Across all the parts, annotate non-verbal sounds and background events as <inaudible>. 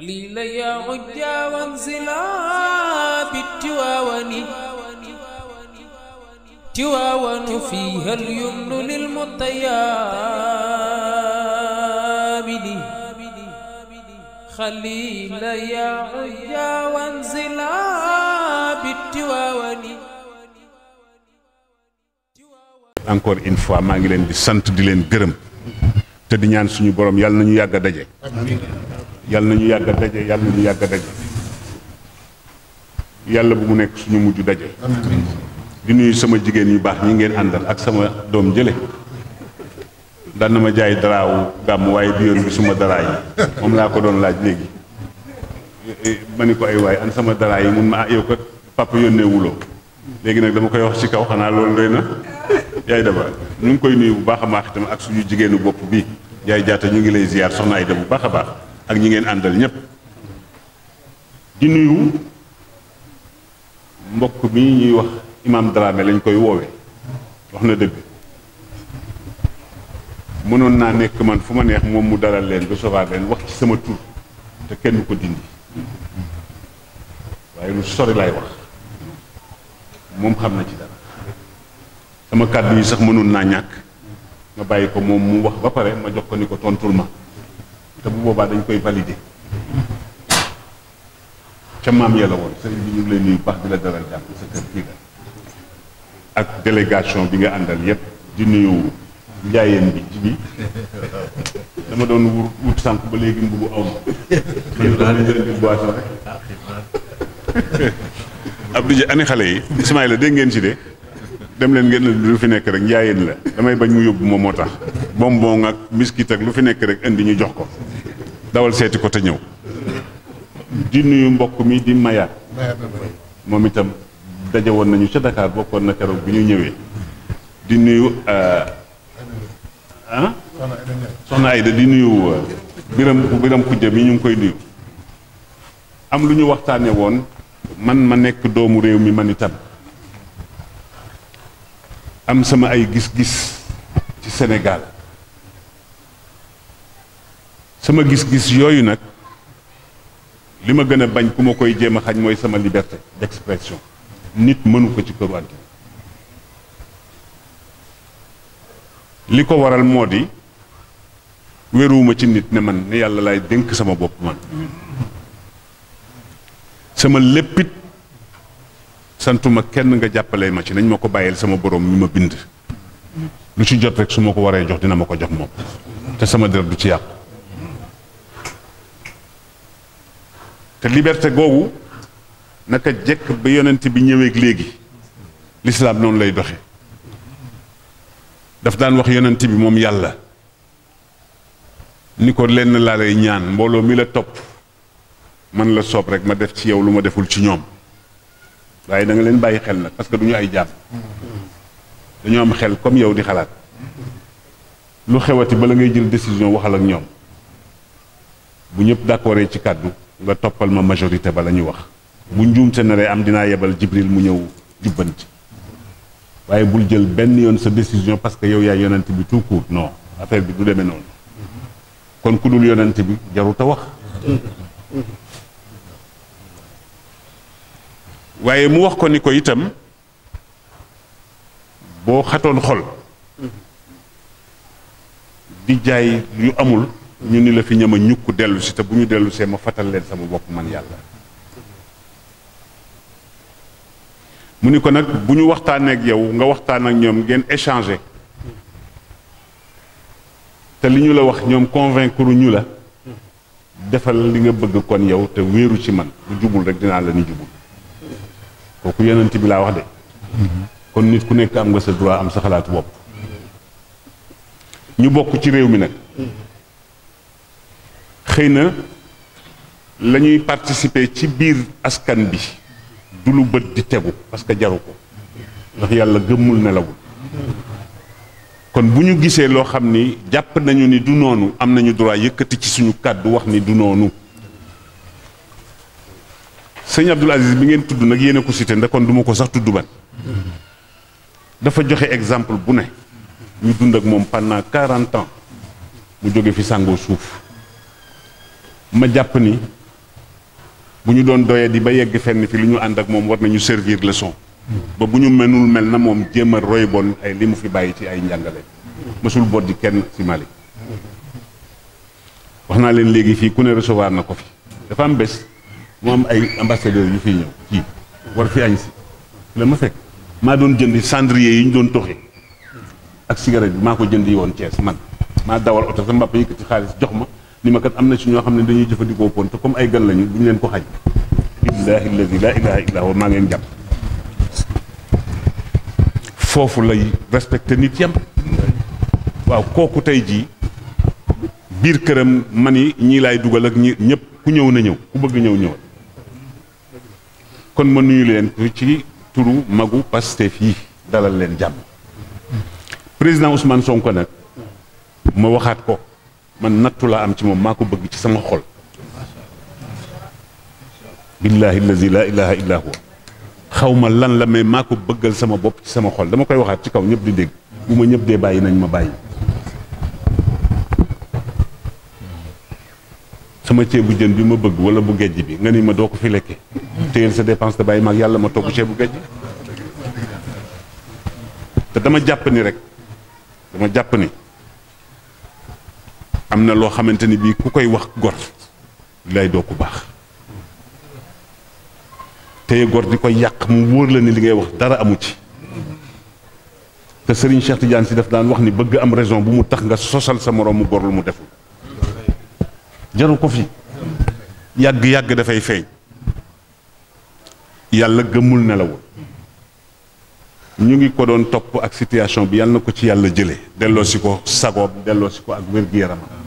خليل يا عجا وانزلا بالتواون تواون فيها اليمن للمطيابد خليل يا عجا وانزلا بالتواون encore une fois maa ngi leen di sant di leen gërëm te di ñaan suñu borom yàlla nañu yàgg a daje yàlla na ñu yàgg daje yàlla na ñu yàgg a daje bu mu nekk suñu mujj daje di nuyu sama jigéen yu baax ñi ngeen àndal ak sama doom jële daan na ma jaay daraawu gàmm waaye bi yoon bi suma daraa moom laa ko doon laaj léegi ma ni ko ay waay an sama daraa yi mun ma ah yow kat papa yónnee wuloo léegi nag dama koy wax ci kaw xanaa loolu doy na yaay daba ñu ngi koy nuyu bu baax a baax itam ak suñu jigéenu bopp bi yaay jaata ñu ngi lay ziar soxna ay da bu baax a baax ak ñi ngeen àndal ñépp di mbokk mi ñuy wax imam Dramé lañ koy woowe wax na dëgg mënoon naa nekk man fu ma neex moom mu dalal leen recevoir leen wax ci sama tur te kenn ko dindi waaye lu sori laay wax moom xam na ci dara sama kàddu yi sax mënoon naa ñàkk nga bàyyi ko moom mu wax ba pare ma jox ko ni ko tontul ma te bu boobaa dañ koy valider ca maam ya la woon sëñ bi ñu ngi lay nuyu baax di la dalal jàmm sa kër kii ak délégation bi nga àndal yépp di nuyu njaayeen bi ci dama doon wut wut ba léegi mbubu aw ma jëndil boisson <laughs> ani xale yi Ismaïla dégg ngeen ci de dem leen ngeen lu fi nekk rek njaayeen la damay bañ mu yóbbu moom moo tax bonbon ak biscuit ak lu fi nekk rek indi ñu jox ko dawal seeti ko te ñëw di nuyu mbokk mi di mayaat moom itam daje woon nañu ca Dakar bokkoon na keroog bi ñu ñëwee di nuyu euh, ah soxna Ayda di nuyu euh, biram biram kujja mi ñu ngi koy nuyu am lu ñu waxtaane woon man ma nekk doomu réew mi man itam am sama ay gis-gis ci Sénégal sama gis-gis yooyu nag li ma gën a bañ ku ma koy jéem a xañ mooy sama liberté d'expression nit mënu ko ci këru àddina li ko waral moo di wéruwuma ci nit ne man ne yàlla laay dénk sama bopp man sama léppit santuma kenn nga jàppale ma ci nañ ma ko bàyyil sama borom yi ma bind lu ci jot rek su ma ko waree jox dina ma ko jox moom te sama deret du ci yàqu te liberté googu naka jekk ba yonent bi ñëweeg léegi lislaam noonu lay doxe daf daan wax yonent bi moom yàlla ni ko lenn laa lay ñaan mbooloo mi la topp mën la soob rek ma def ci yow lu ma deful ci ñoom waaye da leen bàyyi xel nag parce que du ñu ay jàmm dañoo am xel comme yow di xalaat lu xewati bala ngay jël décision waxal ak ñoom bu ñëpp d'accordé ci kàddu nga toppal ma majorité ba la ñu wax bu njuumte na am dinaa yebal Jibril mu ñëw jubbanti waaye bul jël benn yoon sa décision parce que yow yaay yonent bi tout court non bi du demee noonu kon ku yonent bi jarut a wax waaye mu wax ko ni ko itam boo xatoon xol di jaay yu amul ñu ni la fi ñam a ñukk dellu si te bu ñu dellusee ma fatal leen sama bopp man yàlla mu ni ko nag bu ñu waxtaanee ak yow nga waxtaan ak ñoom ngeen échanger te li ñu la wax ñoom convaincre ñu la defal li nga bëgg kon yow te wéeru ci man bu jubul rek dinaa la ni jubul kooku yeneen bi laa wax de kon nit ku nekk am nga sa droit am sa xalaatu bopp ñu bokk ci réew mi nag xëy na la ñuy participer ci biir askan bi du lu bët di tegu parce que jaru ko ndax yàlla gëmmul nelawul kon bu ñu gisee loo xam ni jàpp nañu ni du noonu am nañu droit yëkkati ci suñu kàddu wax ni du noonu sëñ Abdoul Aziz bi ngeen tudd nag yéen a ko cité ndax kon duma ko sax tudd ban dafa joxe exemple bu ne ñu dund ak moom pannaa quarante ans mu jóge fi sàngoo suuf ma jàpp ni bu ñu doon doyee di ba yegg fenn fi lu ñu ànd ak moom war nañu servir leçon ba bu ñu menul mel na moom jéem a roy bon ay li mu fi bàyyi ci ay njàngale mësul boot di kenn si mali wax naa leen léegi fii ku ne recevoir na ko fi dafa am bés mu am ay ambassadeur yu fi ñëw kii war fi añ si la ma fekk maa doon jënd cendrier yi ñu doon toxi ak cigarette bi maa ko jëndi woon Thiès man maa dawal oto sa mbàpp yëkkati xaalis jox ma lima kat amna ci ñoo xamne dañuy jëfëndiko pon te comme ay gan lañu buñu leen ko xaj billahi alladi la ilaha illa huwa ma ngeen jàpp fofu lay respecté nit yam waaw koku tay ji bir kërëm mani ñi lay duggal ak ñepp ku ñëw na ñëw ku bëgg ñëw ñëw kon ma nuyu leen ci turu magu Pastef fi dalal leen jàmm président Ousmane Sonko nak ma waxat ko man nattu laa am ci moom maa ko bëgg ci sama xol billahi allazi la ilaha illa huwa xaw ma lan la mais maa ko bëggal sama bopp ci sama xol dama koy waxaat ci kaw ñëpp di dégg bu ma ñëpp dee bàyyi nañ ma bàyyi sama ceebu jën bi ma bëgg wala bu gejj bi nga ni ma doo ko fi lekke téyel sa dépense te bàyyi maag yàlla ma togg ceebu gejj te dama jàpp ni rek dama jàpp ni am na loo xamante ni bii ku koy wax gor lay doo ku baax tey gor di koy yàq mu wóor la ni li ngay wax dara amu ci te Serigne Cheikh Tidiane si daf daan wax ni bëgg am raison bu mu tax nga sosal sa moroom mu gor lu mu deful jaru ko fi yàgg yàgg dafay feeñ yàlla gëmul nelawul ñu ngi ko doon topp ak situation bi yàlla na ko ci yàlla jële delloo si ko sagoom delloo si ko ak wér-gu-yaramam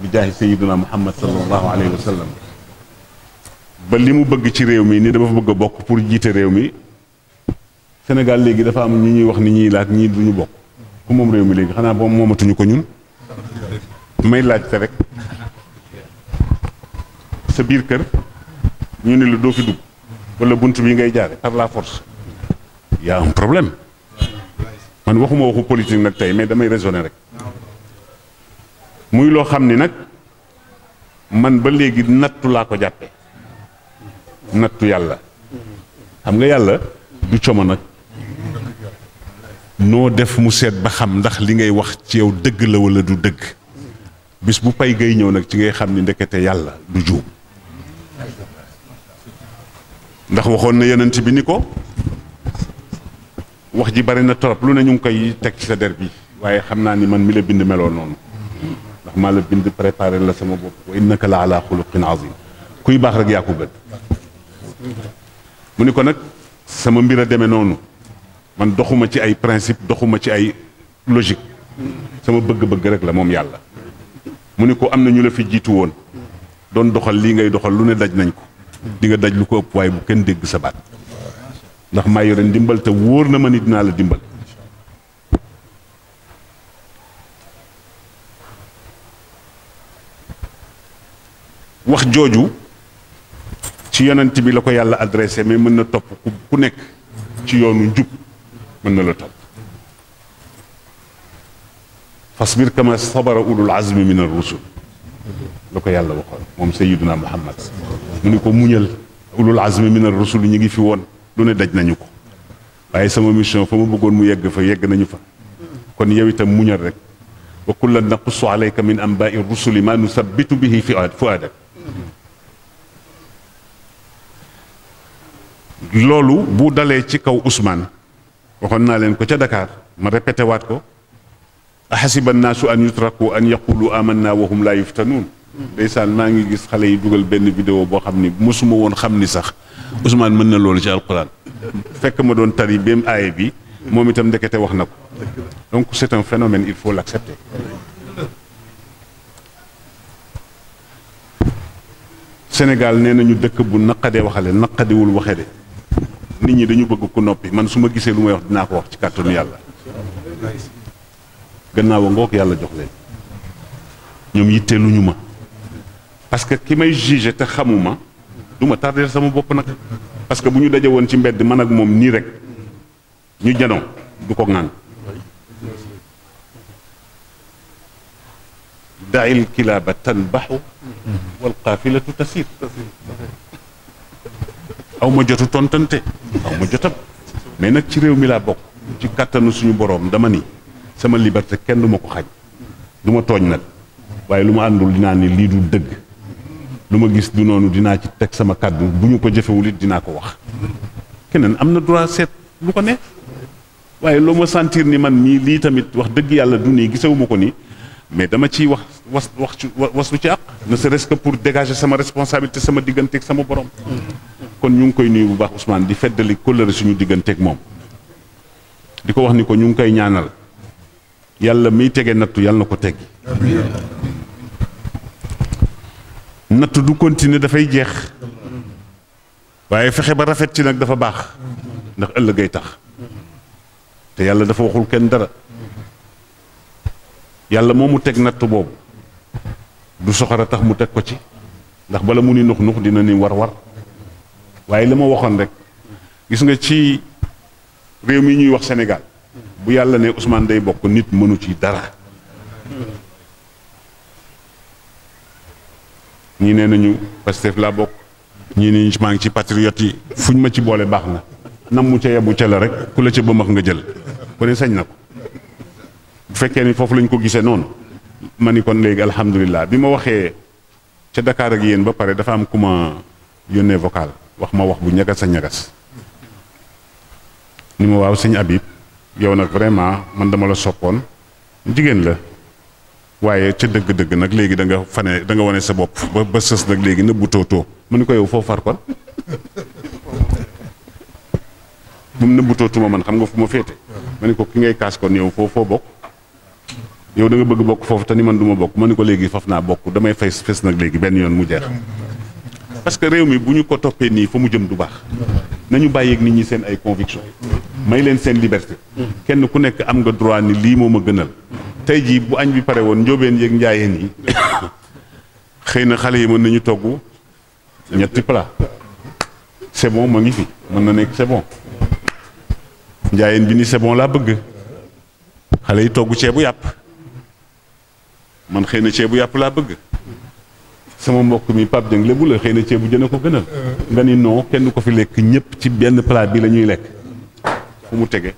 بجاه سيدنا محمد صلى الله عليه وسلم بل لي مو بغ سي ريومي ني دا فا بغ بوك بور جيتي ريومي سنغال ليغي دا فا ام ني ني واخ ني ني لاك ني دونو بوك كو موم ريومي ليغي خانا بو موماتو نيو كو نون ماي لاج سي ريك سا بير كير ني ني لو دوفي دوب ولا بونتو بي غاي جاري بار لا فورس يا ان بروبليم man waxuma waxu politique nak tay mais damay raisonner rek muy loo xam ni nag man ba léegi nattu laa ko jàppe nattu yàlla xam nga yàlla du como nag noo def mu seet ba xam ndax li ngay wax ci yow dëgg la wala du dëgg bis bu pay gay ñëw nag ci ngay xam ni ndekete yàlla du juum ndax waxoon na yonent bi ni ko wax ji bari na torop lu ne ñu ngi koy teg ci sa der bi waaye xam naa ni man mi la bind meloo noonu maa la bind préparé la sama bopp wa innaka la ala xuluqin azim kuy baax rek yaa ko gën mu ni ko nag sama mbir a demee noonu man doxuma ci ay principe doxuma ci ay logique sama bëgg-bëgg rek la moom yàlla mu ni ko am na ñu la fi jiitu woon doon doxal lii ngay doxal lu ne daj nañ ko di nga daj lu ko ëpp waaye bu kenn dégg sa baat ndax maa yore ndimbal te wóor na ma ni dinaa la dimbal wax joju ci yonent bi lako yàlla adressé mais meuna top ku nek ci yoonu njub meuna la top fasbir kama sabara ulul azmi min ar rusul lako yàlla waxoon mom sayyiduna muhammad muniko muñal ulul azmi min ar rusul ñi ngi fi won du ne daj nañu ko waye sama mission fa mu bëggoon mu yegg fa yegg nañu fa kon yow itam muñal rek وكل نقص عليك من انباء الرسل ما نثبت به في فؤادك loolu bu dalee ci kaw Ousmane waxoon naa leen ko ca Dakar ma répété waat ko ahasiba annaasu an yutraku an yaqulu amanna wahum laa yuftanuun ndeysaan maa ngi gis xale yi dugal benn vidéo boo xam ni mosuma woon xam ni sax Ousmane mën na loolu ci alquran fekk ma doon tari bém aaye bi moom itam ndekete wax na ko donc c'est un phénomène il faut l'accepter Sénégal nee nañu dëkk bu naqadee waxale naqadiwul waxede nit ñi dañu bëgg ku noppi man su ma gisee lu may wax dinaa ko wax ci kàttanu yàlla gannaaw a ngoog yàlla ñoom leen ñoom ñu ma parce que ki may jugé te xamuma du ma tardeel sama bopp nag parce que bu ñu dajee woon ci mbedd man ak moom nii rek ñu janoo du ko ŋaan دع الكلاب تنبح والقافلة تسير أو مجة تنتنتي أو مجة تب مينا تشريو ملا بوك تي كاتانو سنو بروم دماني سما ليبرت كين دو مكو خاج دو ما توجنا واي لما عندو لناني ليدو دق لما جيس دو نونو تك سما كادو بو نوكو جفة وليد دينا وخ كنن أمنا دورا سيت لوكو نه واي لما سانتير من مي ليتا ميت وخ دق يالا دوني جيسا ومكو نيه mais dama ciy wax was wax ci waslu ci àq na sa resque que pour dégager sama responsabilité sama digganteeg sama borom kon ñu ngi koy nuyu bu baax Ousmane di feddali kóllëre suñu digganteeg moom di ko wax ni ko ñu ngi koy ñaanal yàlla miy tege nattu yàlla na ko teggi nattu du continuer dafay jeex waaye fexe ba rafet ci nag dafa baax ndax ëllëgay tax te yàlla dafa waxul kenn dara yàlla moo mu teg natt boobu du soxora tax mu teg ko ci ndax bala mu ni nux nux dina ni war war waaye li ma waxoon rek gis nga ci réew mi ñuy wax Sénégal bu yàlla ne Ousmane day bokk nit mënu ci dara ñii nee nañu Pastef laa bokk ñii ni maa ngi ci patriote yi fuñ ma ci boole baax na nam mu ca yebu ca la rek ku la ca bëmax nga jël ku sañ na ko bu fekkee ni foofu lañ ko gisee noonu ma ni kon léegi alhamdulilah bi ma waxee ca Dakar ak yéen ba pare dafa am ku ma yónnee vocal wax ma wax bu ñagas a ñagas ni ma waaw sëñ Habib yow nag vraiment man dama la soppoon jigéen la waaye ca dëgg-dëgg nag léegi da nga fane da nga wane sa bopp ba ba sës nag léegi nëbbu tootoo ma ni ko yow foo far kon <laughs> bu mu nëbbu tootuma man xam nga fu ma féete ma ni ko ki ngay kaas kon yow foo foo bokk yow da bëgg bokk foofu te ni man du ma bokk ma ko léegi faf naa bokk damay fay fes nag léegi benn yoon mu jeex parce que réew mi bu ñu ko toppee nii fa mu jëm du baax nañu bàyyeeg nit ñi seen ay conviction may leen seen liberté kenn ku nekk am nga droit ni lii moom a gënal tey jii bu añ bi pare woon njóobeen yeeg njaayeen yi xëy na xale yi mën nañu togg ñetti plat c'est bon ma ngi fi mën na nekk sebon bon njaayeen bi ni sebon laa bëgg xale yi togg ceebu yàpp man xëy na ceebu yàpp laa bëgg sama mbokk mi Pape Dieng lébu la xëy na ceebu jën a ko gënal nga ni non kenn ko fi lekk ñëpp ci benn plat bi la ñuy lekk fu mu tege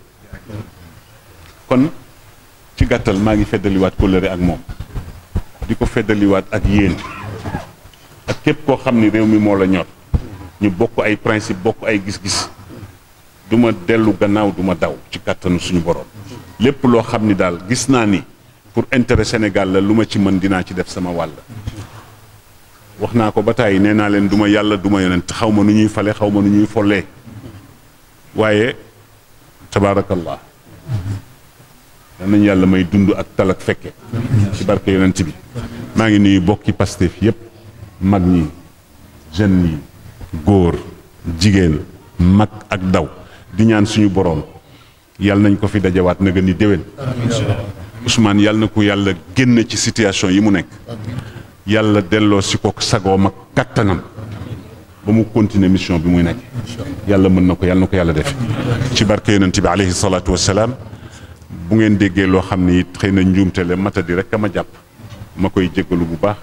kon ci gàttal maa ngi feddaliwaat kóllëre ak moom di ko feddaliwaat ak yéen ak képp koo xam ni réew mi moo la ñor ñu bokk ay principe bokk ay gis-gis duma dellu gannaaw du ma daw ci kàttanu suñu borom lépp loo xam ni daal gis naa ni pour intere Sénégal la lu ma ci mën dinaa ci def sama wàll wax naa ko ba tàyyi nee naa leen du ma yàlla du ma yonent xaw ma nu ñuy fale xaw ma nu ñuy follee waaye tabaarakallah danañ yàlla may dund ak tal ak fekke ci barke yonent bi maa ngi nuyu bokki Pastef yépp mag ñi jeunes yi góor jigéen mag ak daw di ñaan suñu boroom yàlla nañ ko fi dajawaat na gën ni déwén Ousmane yàlla na ko yàlla génn ci situation yi mu nekk yàlla delloo si ko sagoom ak kattanam ba mu continuer mission bi muy nekk yàlla mën na ko yàlla na ko yàlla def ci barke yonent bi aleyhi salaatu wasalaam bu ngeen déggee loo xam ni it xëy na njuumte la matadi rek a ma jàpp ma koy jéggalu bu baax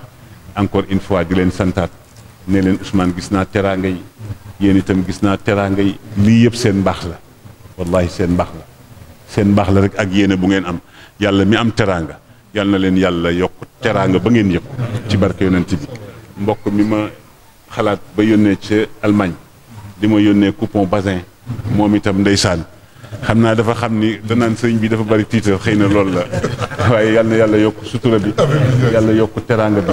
encore une fois di leen santaat ne leen Ousmane gis naa teraanga yi yéen itam gis naa teraanga yi lii yëpp seen mbaax la wallahi seen mbaax la seen mbaax la rek ak yéene bu ngeen am yàlla mi am teraanga yàlla na leen yàlla yokk teraanga ba ngeen yëg ci barke yonent bi mbokk mi ma xalaat ba yónnee ci almaañ di ma yónnee coupon basin moom itam ndeysaan xam naa dafa xam ni danaan sëñ bi dafa bari tiital xëy na loolu la waaye yal na yàlla yokk sutura bi yàlla yokk teraanga bi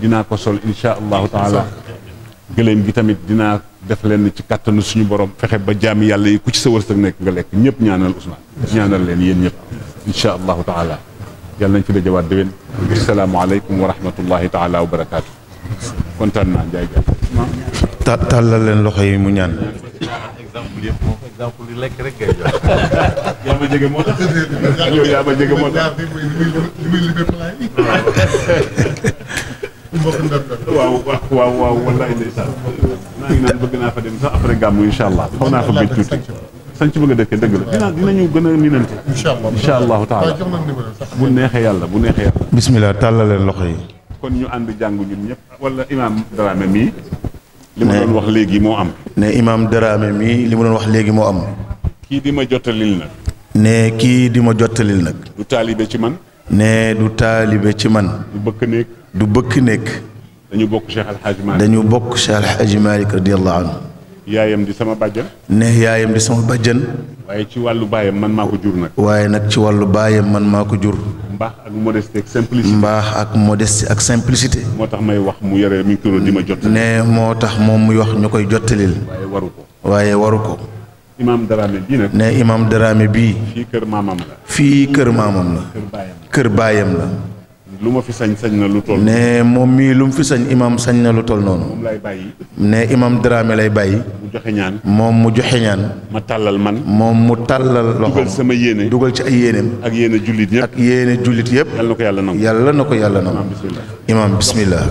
dinaa ko sol insha allahu taala gëléem gi tamit dinaa def leen ci kàttanu suñu borom fexe ba jaami yàlla yi ku ci sa wërsëg nekk nga lekk ñëpp ñaanal Ousmane ñaanal leen yéen ñëpp Insyaallah allahu taala Yalla nañ fi dajawaat assalamu alaykum wa rahmatullahi taala wa barakaatu kontaan naa jay jaay ta leen len yi mu ñaan exemple yëpp moom exemple yi lekk rek ngay jox <laughs> yaa ma jege moo tax yow yaa ma jege tax sañ ci bëgg a dëkkee dëgg la dina dinañu gën a ninante incha allahu taala bu neexee yàlla bu neexee yàlla bismillah tàllal leen loxo yi kon ñu ànd jàng ñun ñëpp wala imaam Dramé mii li ma doon wax léegi moo am ne imaam Dramé mii li ma doon wax léegi moo am kii di ma jottalil nag ne kii di ma jottalil nag du taalibe ci man ne du taalibe ci man du bëkk néeg du bëkk néeg dañu bokk Cheikh Alhaji Malick dañu bokk Cheikh Alhaji Malick radiyallahu anhu yaayam di sama bàjjan. ne yaayam di sama bàjjan. waaye ci wàllu baayam man maa ko jur nag. waaye nag ci wàllu baayam man maa ko jur. mbaax ak modestie ak simplicité. mbaax ak modestie ak simplicité. moo tax may wax mu yore micro di ma jot. ne moo tax moom muy wax ñu koy jottalil. waaye waru ko. waaye waru ko. imaam Dramé bii nag. ne imaam Dramé bii. fii kër maamam la. fii kër maamam la. kër baayam la kër baayam la. lu ma fi sañ sañ na lu moom mii lu mu fi sañ imaam sañ na lu toll noonu. moom lay bàyyi. ne imaam Dramé lay bàyyi. mu joxe ñaan. moom mu joxe ñaan. ma tàllal man. moom mu tàllal loxo dugal sama yéene. dugal ci ay yéeneem. ak yéene jullit yëpp ak yéene jullit yëpp. yàlla na ko yàlla nangu yàlla na ko yàlla nangu. imaam bismillah.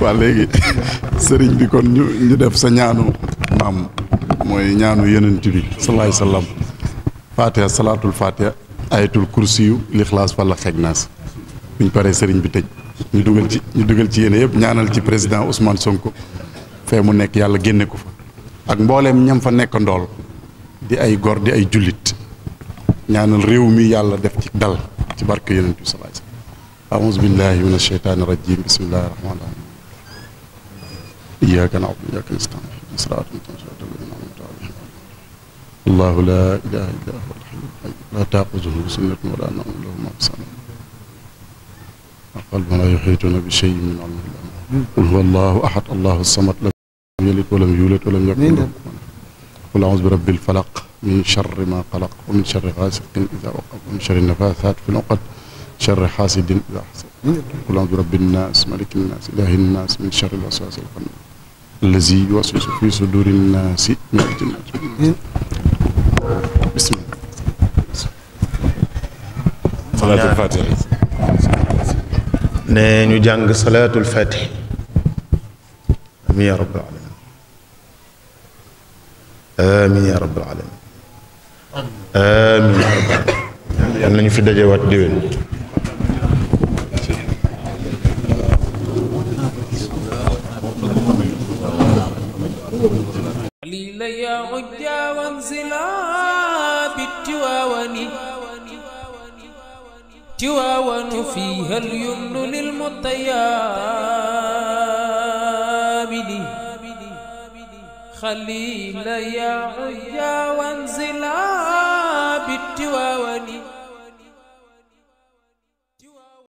waaw léegi sëriñ bi kon ñu ñu def sa ñaanu maam mooy ñaanu yonent bi salaay salaam. Fatiha salaatul Fatiha ayatul kursiyu lixlaas wala xeeg naas. bu pare paree sëriñ bi tëj ñu dugal ci ñu dugal ci yéene yëpp ñaanal ci président Ousmane Sonko fee mu nekk yàlla génne ko fa ak mbooleem ñam fa nekk ndool di ay gor di ay jullit ñaanal réew mi yàlla def ci dal ci barke yonent bi sallallahu alayhi wasallam a'udhu billahi minash shaitanir rajim bismillahir rahmanir rahim iyyaka na'budu wa iyyaka nasta'in siratal قلب لا يحيطون بشيء من علمه قل هو الله احد الله الصمد لم يلد ولم يولد ولم يكن له قل اعوذ برب الفلق من شر ما قلق ومن شر غاسق اذا وقف ومن شر النفاثات في العقد شر حاسد اذا حسد قل اعوذ برب الناس ملك الناس اله الناس من شر الوسواس الخناس الذي يوسوس في صدور الناس من الجنة بسم الله صلاة الفاتحة ne ñu jàng salaatul fatih amin ya rabbal alamin amin ya rabbal alamin amin ya rabbal alamin yal nañu fi dajewaat déwén تواون فيها اليمن للمطيابد خليل يا عيا وانزلا بالتواون